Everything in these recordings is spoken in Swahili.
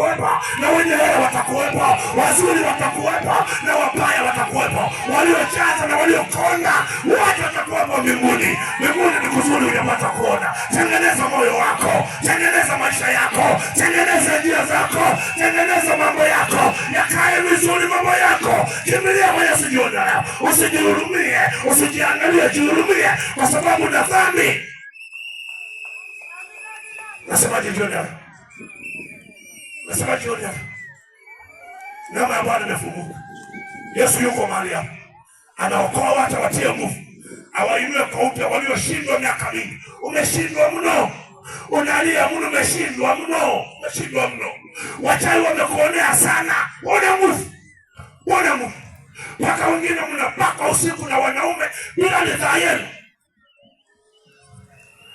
watakuwepo na wenye hela watakuwepo, wazuri watakuwepo na wabaya watakuwepo, waliochaza na waliokonda wote watakuwepo mbinguni. Mbinguni ni kuzuri, unapata kuona. Tengeneza moyo wako, tengeneza maisha yako, tengeneza njia zako, tengeneza mambo yako yakae vizuri, mambo yako. Kimbilia kwenye usijiondoe, usijihurumie, usijiangalie, jihurumie kwa sababu na dhambi nasemaje? jioni Nasema jioni hapa. Neema ya Bwana imefunguka. Yesu yuko mahali hapa. Anaokoa watu watie nguvu. Awainue kwa upya walioshindwa miaka mingi. Umeshindwa mno. Unalia mno, umeshindwa mno. Umeshindwa mno. Wachawi wamekuonea sana. Ona nguvu. Ona nguvu. Paka wengine mnapaka usiku na wanaume bila ridhaa yenu.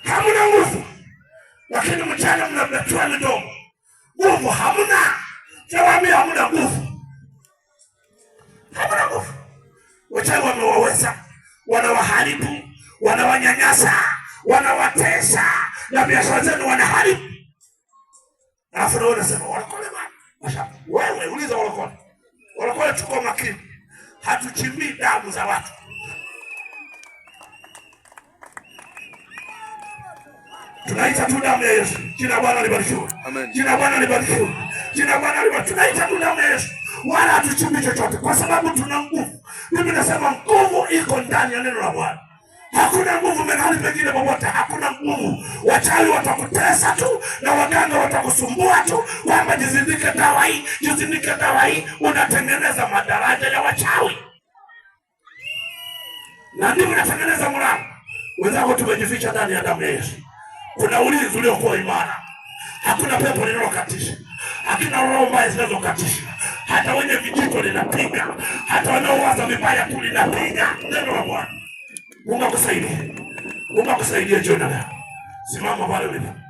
Hamna nguvu. Lakini mchana mnapetwa ndio nguvu hamna. Jawami hamna nguvu, hamna nguvu. Wachawi wamewaweza, wanawaharibu, wanawanyanyasa, wanawatesa na biashara zenu wanaharibu. Alafu ndio unasema walokole bwana. Wewe uliza walokole, walokole, tuko makini, hatuchimbii damu za watu. Tunaita tu damu ya Yesu. Jina Bwana libarikiwe. Amen. Jina Bwana libarikiwe. Jina Bwana libarikiwe. Tunaita tu damu ya Yesu. Wala hatuchimbi chochote kwa sababu tuna nguvu. Mimi nasema nguvu iko ndani ya neno la Bwana. Hakuna nguvu mahali pengine popote, hakuna nguvu. Wachawi watakutesa tu na waganga watakusumbua tu kwamba jizindike dawa hii, jizindike dawa hii. Unatengeneza madaraja ya wachawi na ndio unatengeneza mlango. Wenzako tumejificha ndani ya damu ya Yesu. Kuna ulinzi uliokuwa imara, hakuna pepo linalokatisha, hakuna roho mbaya zinazokatisha. Hata wenye vijito linapiga, hata wanaowaza vibaya tu linapiga. Neno la Bwana ungakusaidia, ungakusaidia jioni leo. Simama pale ulipo.